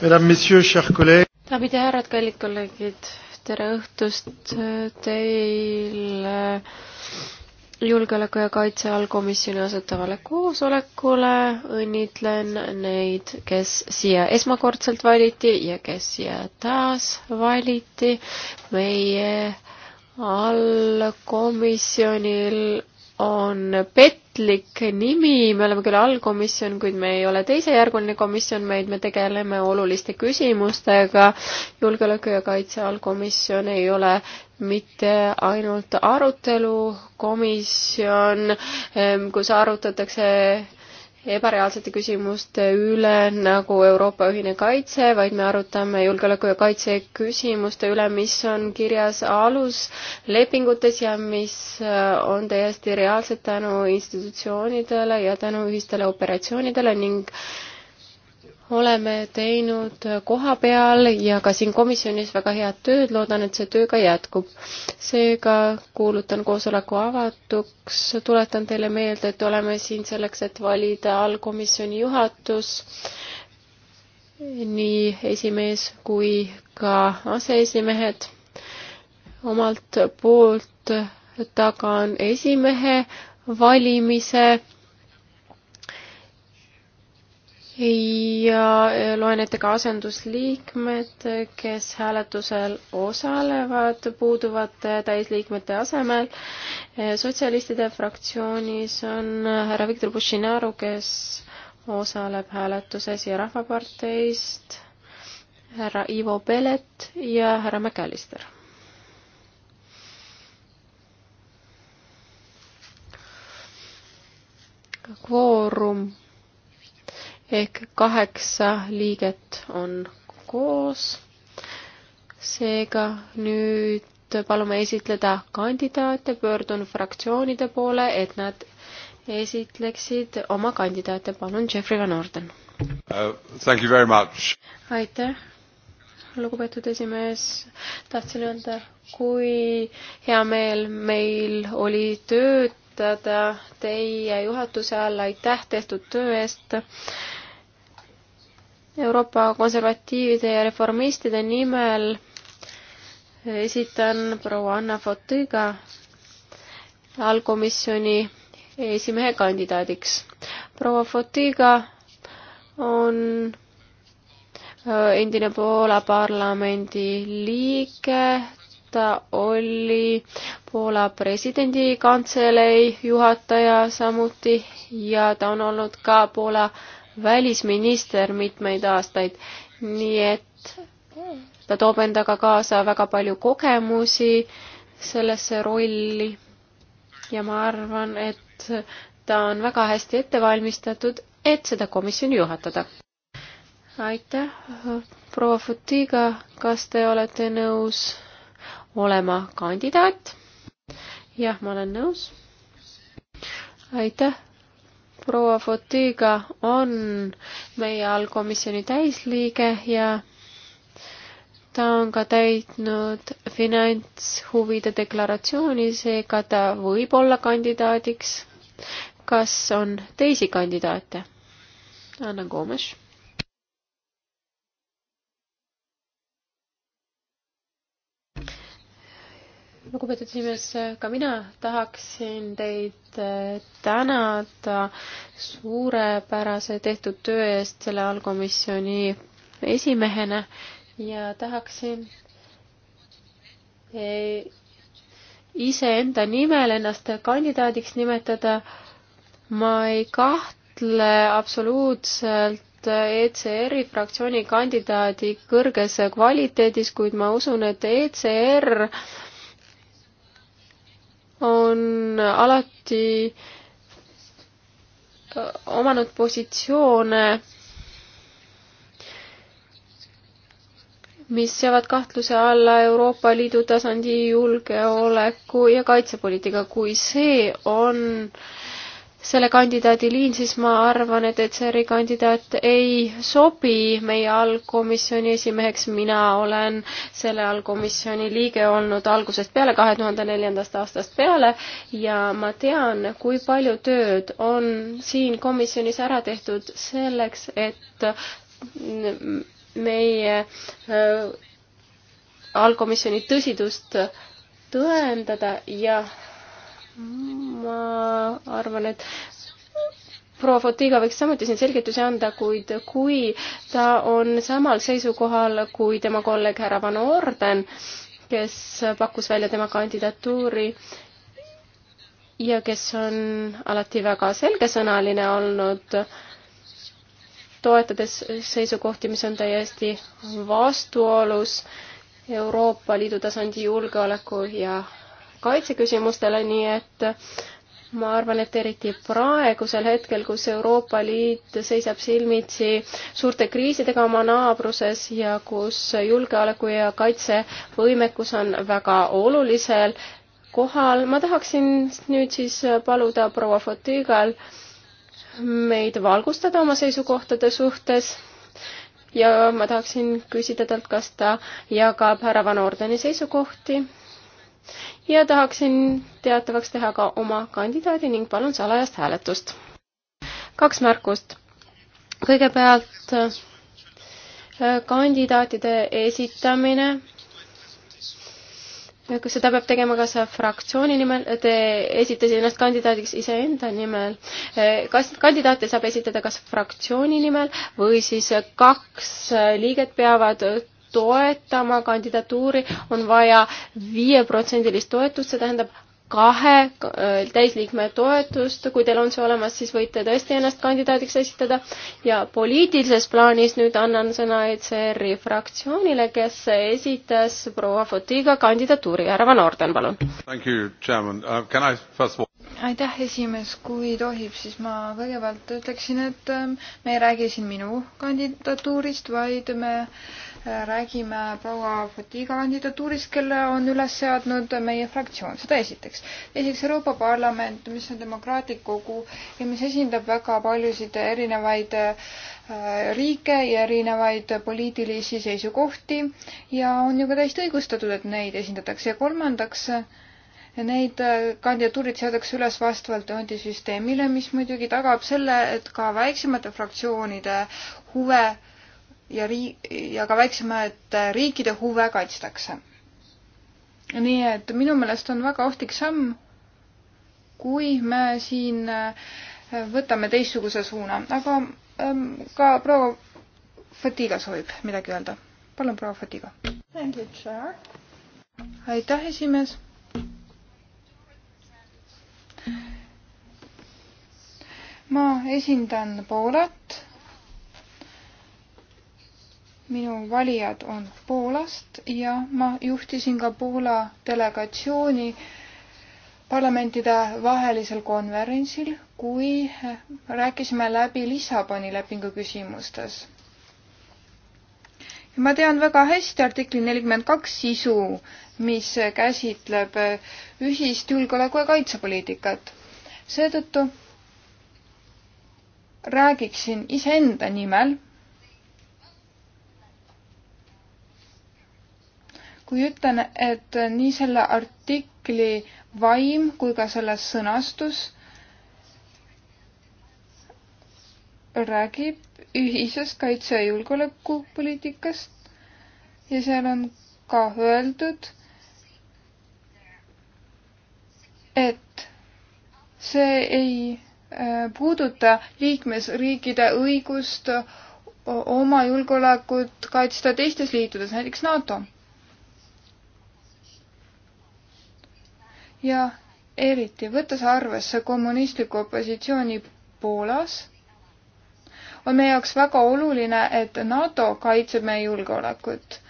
daamid ja härrad, kallid kolleegid, tere õhtust teile julgeoleku ja kaitse allkomisjoni asetavale koosolekule. õnnitlen neid, kes siia esmakordselt valiti ja kes siia taas valiti. meie allkomisjonil on petlik nimi, me oleme küll allkomisjon, kuid me ei ole teisejärguline komisjon, meid, me tegeleme oluliste küsimustega. julgeoleku ja kaitse allkomisjon ei ole mitte ainult arutelukomisjon, kus arutatakse ebareaalsete küsimuste üle nagu Euroopa ühine kaitse, vaid me arutame julgeoleku ja kaitse küsimuste üle, mis on kirjas aluslepingutes ja mis äh, on täiesti reaalsed tänu institutsioonidele ja tänu ühistele operatsioonidele ning äh, oleme teinud koha peal ja ka siin komisjonis väga head tööd, loodan, et see töö ka jätkub. seega kuulutan koosoleku avatuks, tuletan teile meelde, et oleme siin selleks, et valida allkomisjoni juhatus, nii esimees kui ka aseesimehed. omalt poolt tagan esimehe valimise ja eh, loen ette ka asendusliikmed, kes hääletusel osalevad puuduvate täisliikmete asemel. Eh, sotsialistide fraktsioonis on härra Viktor Bushinaru, kes osaleb hääletuses ja Rahvaparteist härra Ivo Pelet ja härra McAllister. kvoorum ehk kaheksa liiget on koos. seega nüüd palume esitleda kandidaate, pöördun fraktsioonide poole, et nad esitleksid oma kandidaate, palun, Jeffrey Van Orden uh,. aitäh, lugupeetud esimees, tahtsin öelda, kui hea meel meil oli töötada teie juhatuse all, aitäh tehtud töö eest Euroopa konservatiivide ja reformistide nimel esitan proua Anna Fotiga allkomisjoni esimehe kandidaadiks. proua Fotiga on äh, endine Poola parlamendi liige, ta oli Poola presidendi kantselei juhataja samuti ja ta on olnud ka Poola äh, välisminister mitmeid aastaid, nii et ta toob endaga kaasa väga palju kogemusi sellesse rolli ja ma arvan, et ta on väga hästi ette valmistatud, et seda komisjoni juhatada. aitäh, proua Futiga, kas te olete nõus olema kandidaat? jah, ma olen nõus. aitäh proua Fotiga on meie allkomisjoni täisliige ja ta on ka täitnud finantshuvide deklaratsiooni, seega ta võib olla kandidaadiks. kas on teisi kandidaate? Anna Gomes lugupeetud esimees, ka mina tahaksin teid eh, tänada suurepärase tehtud töö eest selle allkomisjoni esimehena ja tahaksin eh, iseenda nimel ennast kandidaadiks nimetada. ma ei kahtle absoluutselt ECR-i fraktsiooni kandidaadi kõrges kvaliteedis, kuid ma usun, et ECR on alati äh, omanud positsioone, mis seavad kahtluse alla Euroopa Liidu tasandi julgeoleku ja kaitsepoliitika. kui see on äh, selle kandidaadi liin, siis ma arvan, et ECR-i kandidaat ei sobi meie allkomisjoni esimeheks. mina olen selle allkomisjoni liige olnud algusest peale, kahe tuhande neljandast aastast peale ja ma tean, kui palju tööd on siin komisjonis ära tehtud selleks, et meie äh, allkomisjoni tõsidust tõendada ja ma arvan, et proua Fotiga võiks samuti siin selgitusi anda, kuid kui ta on samal seisukohal kui tema kolleeg härra Van Orden, kes pakkus välja tema kandidatuuri ja kes on alati väga selgesõnaline olnud, toetades seisukohti, mis on täiesti vastuolus Euroopa Liidu tasandi julgeoleku ja kaitseküsimustele, nii et ma arvan, et eriti praegusel hetkel, kus Euroopa Liit seisab silmitsi suurte kriisidega oma naabruses ja kus julgeoleku ja kaitsevõimekus on väga olulisel kohal, ma tahaksin nüüd siis paluda proua Fotigal meid valgustada oma seisukohtade suhtes ja ma tahaksin küsida talt, kas ta jagab härra Van Ordeni seisukohti ja tahaksin teatavaks teha ka oma kandidaadi ning palun salajast hääletust. kaks märkust. kõigepealt äh, kandidaatide esitamine. kas seda peab tegema kas fraktsiooni nimel, te esitasite ennast kandidaadiks iseenda nimel. Äh, kas kandidaate saab esitada kas fraktsiooni nimel või siis kaks liiget peavad toetama kandidatuuri, on vaja viieprotsendilist toetust, see tähendab kahe äh, täisliikme toetust, kui teil on see olemas, siis võite tõesti ennast kandidaadiks esitada. ja poliitilises plaanis nüüd annan sõna ECR-i fraktsioonile, kes esitas proua Fotiga kandidatuuri. härra Van Orden, palun. Uh, aitäh, esimees, kui tohib, siis ma kõigepealt ütleksin, et ähm, me ei räägi siin minu kandidatuurist, vaid me äh, räägime proua Fatiga kandidatuurist, kelle on üles seadnud meie fraktsioon, seda esiteks. teiseks Euroopa Parlament, mis on demokraatlik kogu ja mis esindab väga paljusid erinevaid äh, riike ja erinevaid poliitilisi seisukohti ja on ju ka täiesti õigustatud, et neid esindatakse ja kolmandaks Neid äh, kandidatuurid seadakse üles vastavalt tondisüsteemile, mis muidugi tagab selle, et ka väiksemate fraktsioonide huve äh, ja rii-, ja ka väiksemate riikide huve kaitstakse. nii et minu meelest on väga ohtlik samm, kui me siin äh, võtame teistsuguse suuna, aga ähm, ka proua Fatiga soovib midagi öelda. palun, proua Fatiga. aitäh, esimees. ma esindan Poolat minu valijad on Poolast ja ma juhtisin ka Poola delegatsiooni parlamentide vahelisel konverentsil, kui rääkisime läbi Lissaboni lepingu küsimustes. ma tean väga hästi artikli nelikümmend kaks sisu, mis käsitleb ühist julgeoleku ja kaitsepoliitikat. seetõttu räägiksin iseenda nimel kui ütlen, et nii selle artikli vaim kui ka selle sõnastus räägib ühisest kaitse- ja julgeolekupoliitikast ja seal on ka öeldud, et see ei äh, puuduta liikmesriikide õigust oma julgeolekut kaitsta teistes liitudes, näiteks NATO ja eriti võttes arvesse kommunistliku opositsiooni Poolas, on meie jaoks väga oluline, et NATO kaitseb meie julgeolekut.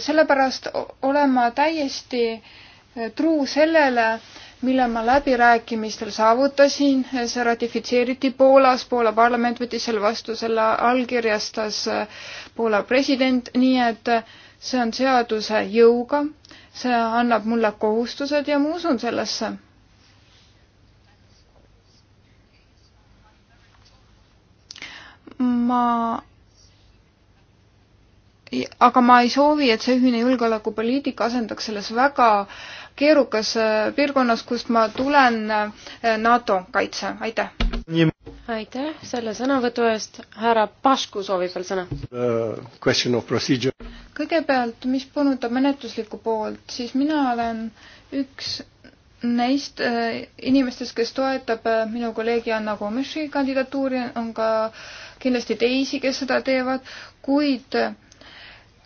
sellepärast olen ma täiesti eh, truu sellele, mille ma läbirääkimistel saavutasin, see ratifitseeriti Poolas, Poola parlament võttis selle vastu, selle allkirjastas eh, Poola president, nii et äh, see on seaduse jõuga, see annab mulle kohustused ja ma usun sellesse. ma, aga ma ei soovi, et see ühine julgeolekupoliitika asendaks selles väga keerukas eh, piirkonnas, kust ma tulen, eh, NATO kaitse, aitäh! aitäh selle sõnavõtu eest, härra Pašku soovib veel sõna uh,. kõigepealt, mis puudutab menetluslikku poolt, siis mina olen üks neist äh, inimestest, kes toetab äh, minu kolleegi Anna Komeši kandidatuuri, on ka kindlasti teisi, kes seda teevad, kuid äh,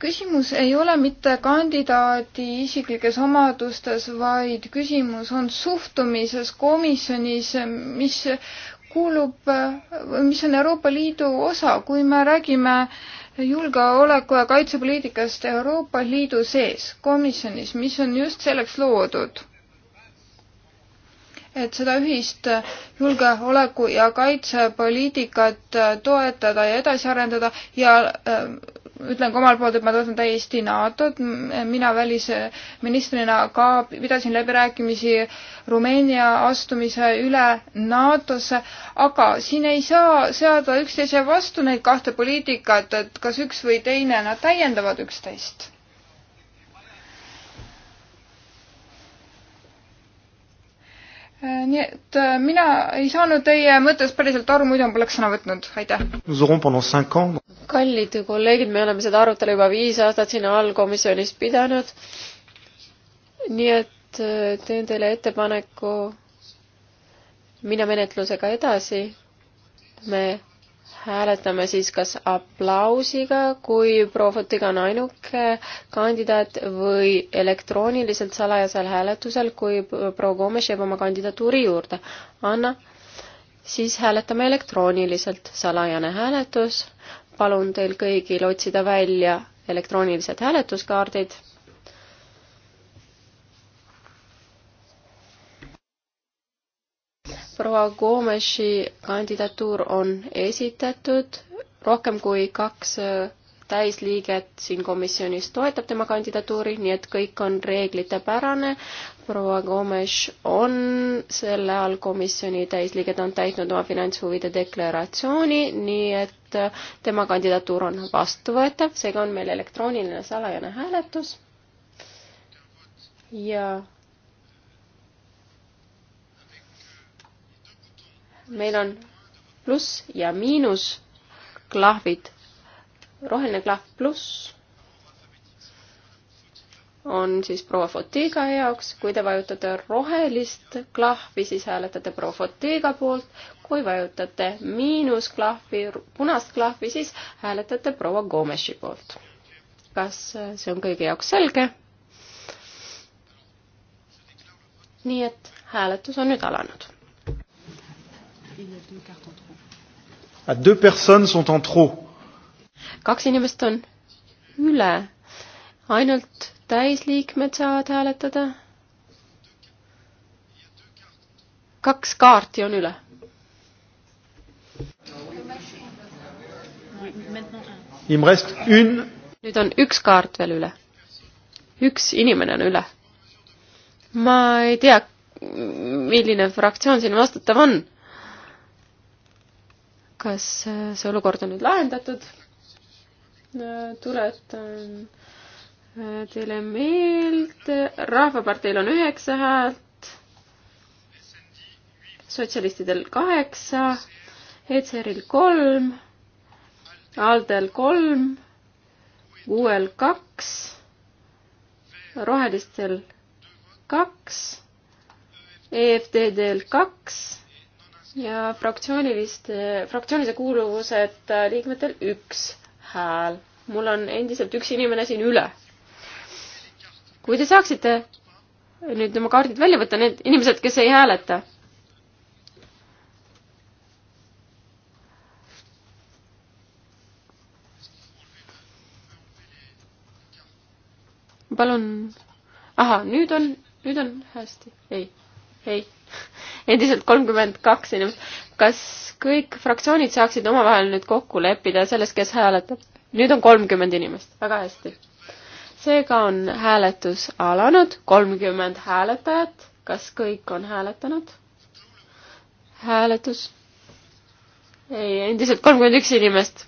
küsimus ei ole mitte kandidaadi isiklikes omadustes, vaid küsimus on suhtumises komisjonis, mis kuulub, äh, mis on Euroopa Liidu osa, kui me räägime julgeoleku- ja kaitsepoliitikast Euroopa Liidu sees, komisjonis, mis on just selleks loodud, et seda ühist julgeoleku- ja kaitsepoliitikat toetada ja edasi arendada ja äh, ütlen ka omalt poolt, et ma toetan täiesti NATO-t, mina välisministrina ka pidasin läbirääkimisi Rumeenia astumise üle NATO-sse, aga siin ei saa seada üksteise vastu neid kahte poliitikat, et kas üks või teine, nad täiendavad üksteist Äh, nii et äh, mina ei saanud teie mõttest päriselt aru, muidu ma poleks sõna võtnud, aitäh. kallid kolleegid, me oleme seda arutelu juba viis aastat siin allkomisjonis pidanud. nii et äh, teen teile ettepaneku minna menetlusega edasi. me hääletame siis kas aplausiga, kui proua Fotiga on ainuke kandidaat või elektrooniliselt salajasel hääletusel, kui proua Gomes jääb oma kandidatuuri juurde. Anna, siis hääletame elektrooniliselt, salajane hääletus. palun teil kõigil otsida välja elektroonilised hääletuskaardid proua Gomeshi kandidatuur on esitatud, rohkem kui kaks äh, täisliiget siin komisjonis toetab tema kandidatuuri, nii et kõik on reeglitepärane. proua Gomes on selle all komisjoni täisliige, ta on täitnud oma finantshuvide deklaratsiooni, nii et äh, tema kandidatuur on vastuvõetav, seega on meil elektrooniline salajane hääletus. ja meil on pluss ja miinus klahvid. roheline klahv pluss on siis proua Fotiga jaoks, kui te vajutate rohelist klahvi, siis hääletate proua Fotiga poolt, kui vajutate miinusklahvi, punast klahvi, siis hääletate proua Gomeshi poolt. kas see on kõigi jaoks selge? nii et hääletus on nüüd alanud il y a deux cartes en trop. Ah, deux personnes sont en trop. kaks inimest on üle. ainult täisliikmed saavad hääletada. kaks kaarti on üle. nüüd on üks kaart veel üle. üks inimene on üle. ma ei tea, milline fraktsioon siin vastutav on kas see olukord on nüüd lahendatud? tuletan teile meelde, Rahvaparteil on üheksa häält, sotsialistidel kaheksa, ECR-il kolm, ALDE-l kolm, uuel kaks, rohelistel kaks, EFTD-l kaks ja fraktsiooniliste, fraktsioonilise kuuluvuseta äh, liikmetel üks hääl. mul on endiselt üks inimene siin üle. kui te saaksite nüüd oma kaardid välja võtta, need inimesed, kes ei hääleta. palun. ahah, nüüd on, nüüd on hästi, ei ei, endiselt kolmkümmend kaks inimest. kas kõik fraktsioonid saaksid omavahel nüüd kokku leppida selles, kes hääletab? nüüd on kolmkümmend inimest, väga hästi. seega on hääletus alanud, kolmkümmend hääletajat. kas kõik on hääletanud? hääletus. ei, endiselt kolmkümmend üks inimest.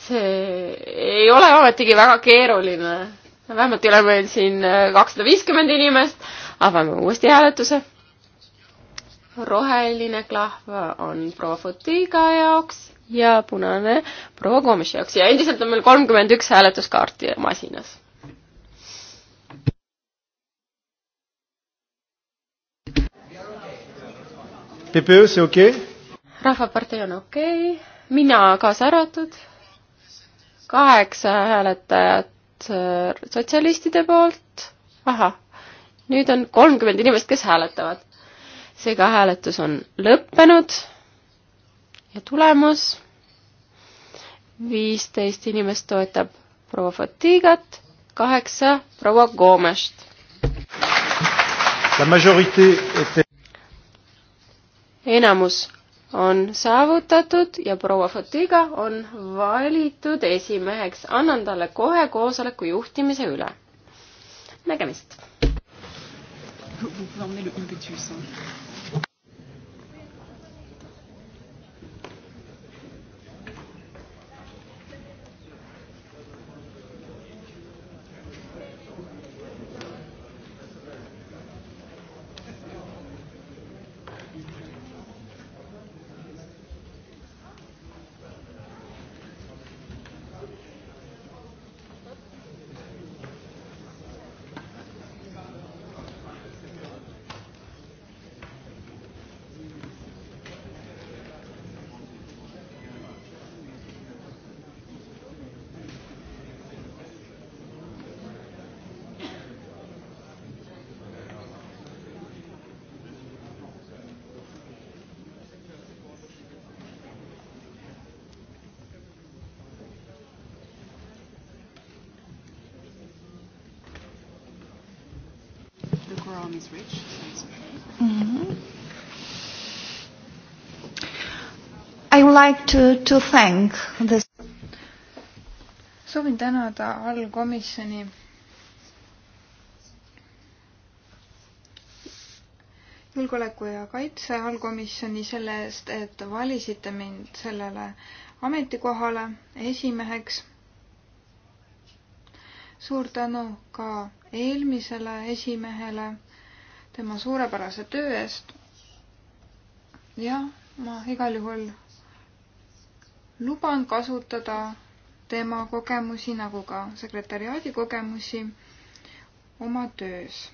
see ei ole ometigi väga keeruline vähemalt ei ole meil siin äh, kakssada viiskümmend inimest. avame uuesti hääletuse. roheline klahv on proua Futiga jaoks ja punane proua Komisjoni jaoks ja endiselt on meil kolmkümmend üks hääletuskaarti masinas PPÖ, see okei okay.? rahvapartei on okei okay., mina kaasa arvatud, kaheksa hääletajat Äh, sotsialistide poolt, ahah, nüüd on kolmkümmend inimest, kes hääletavad. seega hääletus on lõppenud ja tulemus viisteist inimest toetab proua Fatigat, kaheksa proua Goomest. enamus on saavutatud ja proua Fotiga on valitud esimeheks. annan talle kohe koosoleku juhtimise üle. nägemist. Vous pouvez emmener le impetus. Hein. quorum is reached, so it's okay. Mm-hmm. I would like to, to thank this. soovin tänada allkomisjoni julgeoleku ja kaitse allkomisjoni selle eest, et valisite mind sellele ametikohale esimeheks suur tänu ka eelmisele esimehele tema suurepärase töö eest. ja ma igal juhul luban kasutada tema kogemusi nagu ka sekretäriaadi kogemusi oma töös.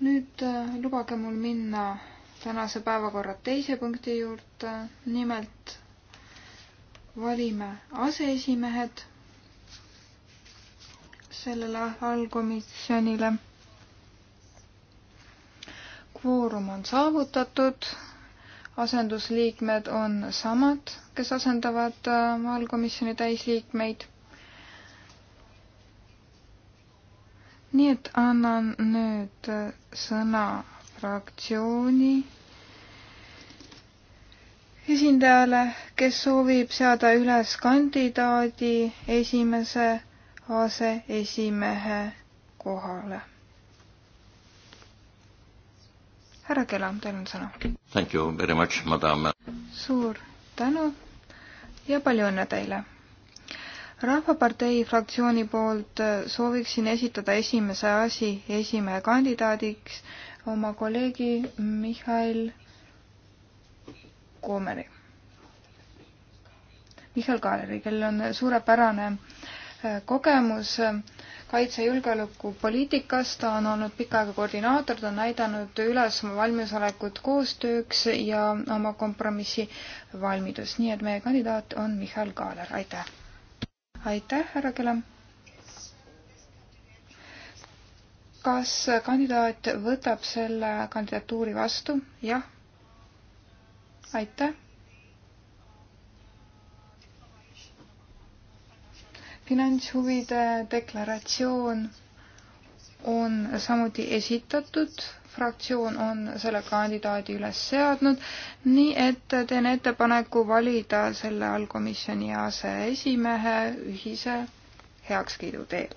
nüüd äh, lubage mul minna tänase päevakorra teise punkti juurde, nimelt valime aseesimehed sellele allkomisjonile. kvoorum on saavutatud, asendusliikmed on samad, kes asendavad äh, allkomisjoni täisliikmeid. nii et annan nüüd äh, sõna fraktsiooni esindajale, kes soovib seada üles kandidaadi esimese aseesimehe kohale. härra Kelam, teil on sõna. Thank you very much, madam. suur tänu ja palju õnne teile. rahvapartei fraktsiooni poolt sooviksin esitada esimese asi esimehe kandidaadiks oma kolleegi Mihhail koomerid. Mihhail Kaaleri, kellel on suurepärane äh, kogemus äh, kaitse- ja julgeolekupoliitikas, ta on olnud pikka aega koordinaator, ta on näidanud üles oma valmisolekut koostööks ja oma kompromissivalmidust, nii et meie kandidaat on Mihhail Kaaler, aitäh! aitäh, härra Kelam! kas kandidaat võtab selle kandidatuuri vastu? jah aitäh. finantshuvide deklaratsioon on samuti esitatud, fraktsioon on selle kandidaadi üles seadnud, nii et teen ettepaneku valida selle allkomisjoni aseesimehe ühise heakskiidu teel.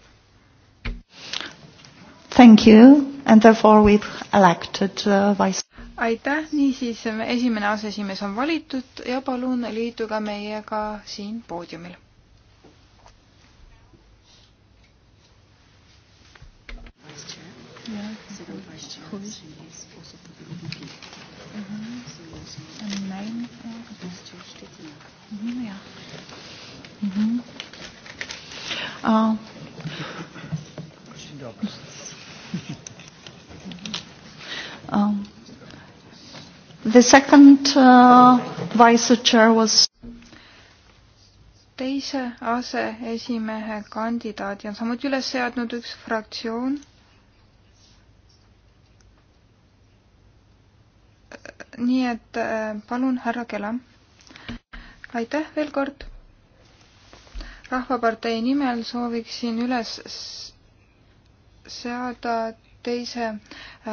Thank you and therefore we have elected uh, vice aitäh, niisiis esimene aseesimees on valitud ja palun liituge meiega siin poodiumil Yeah. Second vice chair. Who is? She is also for the EVP. Mm-hmm. So also and name uh, vice chair Stettina. Mm-hmm, yeah. Mm-hmm. Uh, um. The second uh, vice chair was teise aseesimehe kandidaadi on samuti üles seadnud üks fraktsioon. nii et äh, palun, härra Kela. aitäh veel kord. rahvapartei nimel sooviksin üles seada teise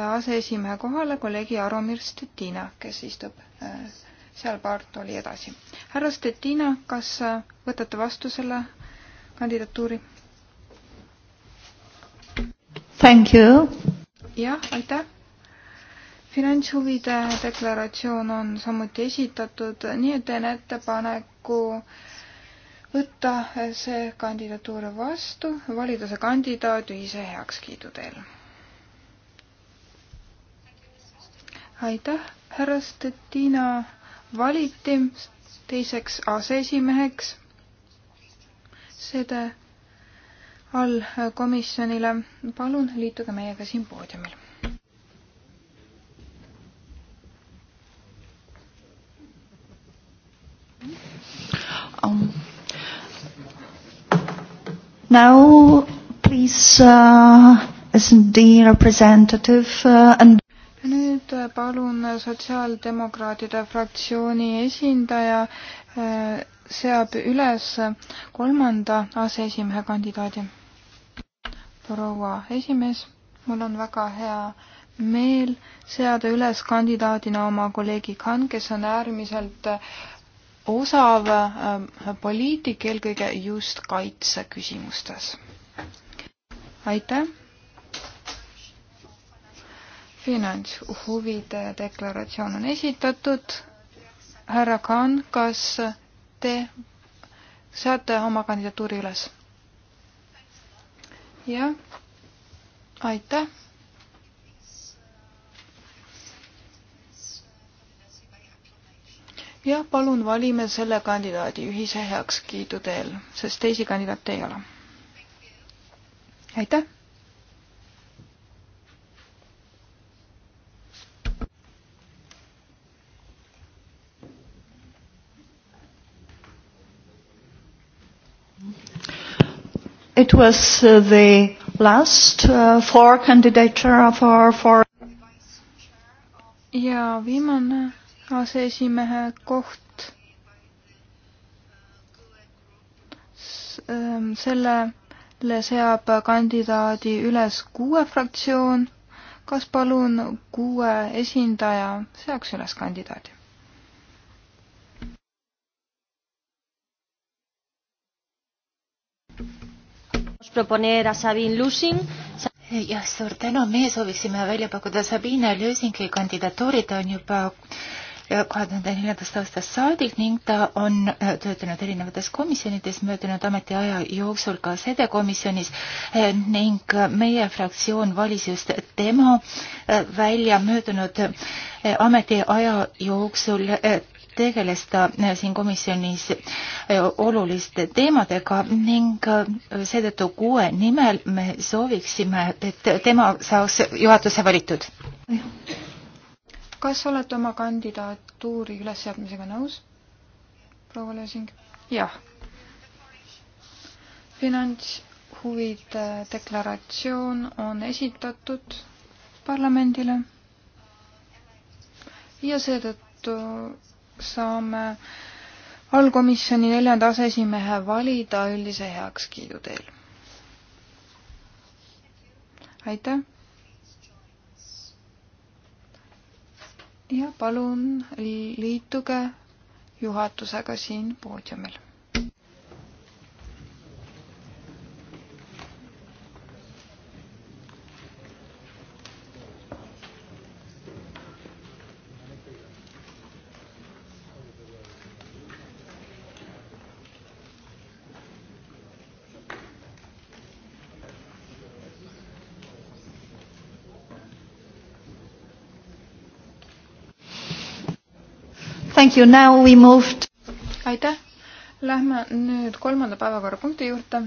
aseesimehe kohale kolleegi Jaromir Stettina, kes istub äh, seal paar tooli edasi. härra Stettina, kas äh, võtate vastu selle kandidatuuri? Thank you. jah, aitäh. finantshuvide deklaratsioon on samuti esitatud, nii et teen ettepaneku võtta see kandidatuur vastu, valida see kandidaat ühise heakskiidu teel aitäh, härra Stettina valiti teiseks aseesimeheks sede all komisjonile. palun liituge meiega siin poodiumil. Um, now, please, uh, as the representative uh, and nüüd äh, palun äh, Sotsiaaldemokraatide fraktsiooni esindaja äh, seab üles kolmanda aseesimehe kandidaadi. proua esimees, mul on väga hea meel seada üles kandidaadina oma kolleegi Khan, kes on äärmiselt osav poliitik, eelkõige just kaitseküsimustes. aitäh finantshuvide deklaratsioon on esitatud. härra Kaan, kas te seate oma kandidatuuri üles? jah, aitäh. jah, palun valime selle kandidaadi ühise heakskiidu teel, sest teisi kandidaate ei ole. aitäh it was uh, the last uh, four candidature for, for ja viimane aseesimehe koht S ähm, sellele seab kandidaadi üles kuue fraktsioon. kas palun kuue esindaja seaks üles kandidaadi? proponer a Sabine Lusin. jah, suur tänu, meie sooviksime välja pakkuda Sabine Lüsingi kandidatuuri, ta on juba äh, kahe tuhande neljandast aastast saadik ning ta on äh, töötanud erinevates komisjonides möödunud ametiaja jooksul ka sede komisjonis äh, ning meie fraktsioon valis just tema välja möödunud ametiaja jooksul tegeles ta äh, siin komisjonis äh, oluliste teemadega ning äh, seetõttu kuue nimel me sooviksime, et tema saaks juhatuse valitud. kas olete oma kandidatuuri ülesseadmisega nõus, proua Lösing? jah. finantshuvide deklaratsioon on esitatud parlamendile ja seetõttu saame allkomisjoni neljanda aseesimehe valida üldise heakskiidu teel. aitäh. ja palun liituge juhatusega siin poodiumil. Thank you, now we moved. aitäh, lähme nüüd kolmanda päevakorrapunkti juurde.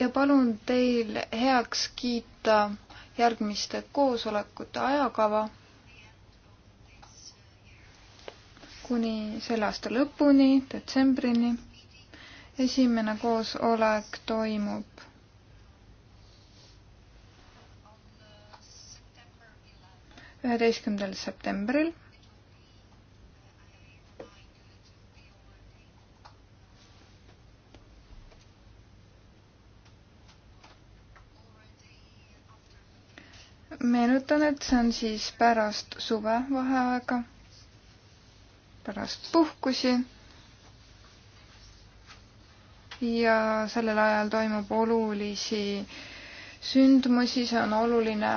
ja palun teil heaks kiita järgmiste koosolekute ajakava kuni selle aasta lõpuni, detsembrini. esimene koosolek toimub üheteistkümnendal septembril. meenutan, et see on siis pärast suvevaheaega, pärast puhkusi ja sellel ajal toimub olulisi sündmusi, see on oluline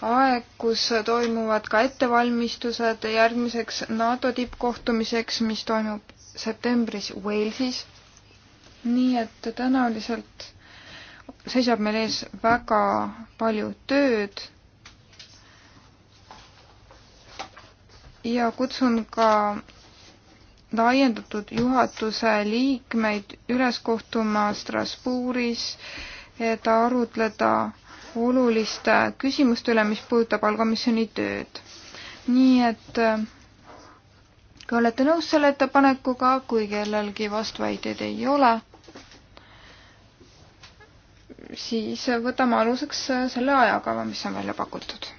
aeg, kus toimuvad ka ettevalmistused järgmiseks NATO tippkohtumiseks, mis toimub septembris Walesis. nii et tõenäoliselt seisab meil ees väga palju tööd. ja kutsun ka laiendatud juhatuse liikmeid üles kohtuma Strasbourgis, et arutleda oluliste küsimuste üle, mis puudutab allkomisjoni tööd. nii et äh, kui olete nõus selle ettepanekuga, kui kellelgi vastuväiteid ei ole, siis võtame aluseks äh, selle ajakava, mis on välja pakutud.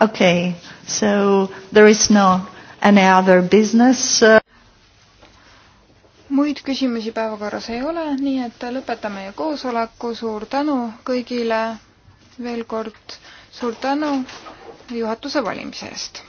okei okay,, so there is no any other business uh, muid küsimusi päevakorras ei ole, nii et lõpetame meie koosoleku, suur tänu kõigile veel kord, suur tänu juhatuse valimise eest!